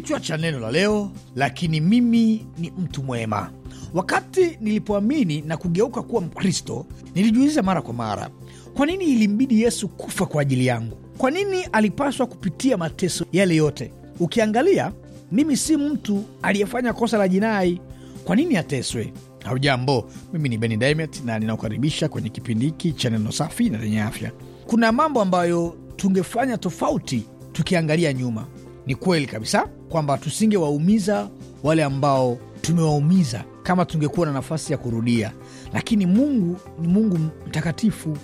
Kichwa cha neno la leo: lakini mimi ni mtu mwema. Wakati nilipoamini na kugeuka kuwa Mkristo, nilijiuliza mara kwa mara, kwa nini ilimbidi Yesu kufa kwa ajili yangu? Kwa nini alipaswa kupitia mateso yale yote? Ukiangalia, mimi si mtu aliyefanya kosa la jinai. Kwa nini ateswe? Haujambo, mimi ni Beni Dimet na ninakukaribisha kwenye kipindi hiki cha neno safi na lenye afya. Kuna mambo ambayo tungefanya tofauti tukiangalia nyuma ni kweli kabisa kwamba tusingewaumiza wale ambao tumewaumiza kama tungekuwa na nafasi ya kurudia, lakini Mungu ni Mungu mtakatifu,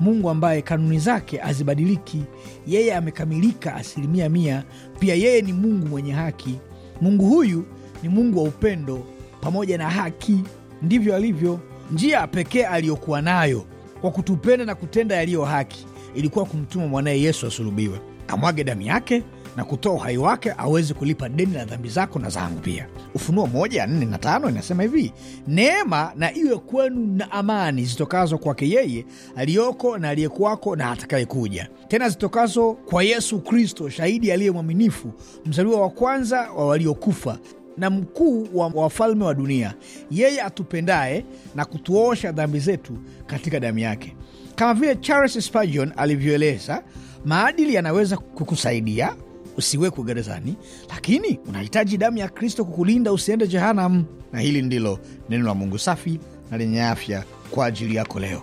Mungu ambaye kanuni zake hazibadiliki. Yeye amekamilika asilimia mia. Pia yeye ni Mungu mwenye haki. Mungu huyu ni Mungu wa upendo pamoja na haki, ndivyo alivyo. Njia pekee aliyokuwa nayo kwa kutupenda na kutenda yaliyo haki ilikuwa kumtuma mwanaye Yesu asulubiwe, amwage damu yake na kutoa uhai wake aweze kulipa deni la dhambi zako na zangu pia. Ufunuo moja nne na tano inasema hivi: neema na iwe kwenu na amani zitokazo kwake yeye aliyoko na aliyekuwako na atakayekuja, tena zitokazo kwa Yesu Kristo, shahidi aliye mwaminifu, mzaliwa wa kwanza wa waliokufa na mkuu wa wafalme wa dunia, yeye atupendaye na kutuosha dhambi zetu katika damu yake. Kama vile Charles Spurgeon alivyoeleza, maadili yanaweza kukusaidia usiwekwe gerezani, lakini unahitaji damu ya Kristo kukulinda usiende jehanamu. Na hili ndilo neno la Mungu safi na lenye afya kwa ajili yako leo.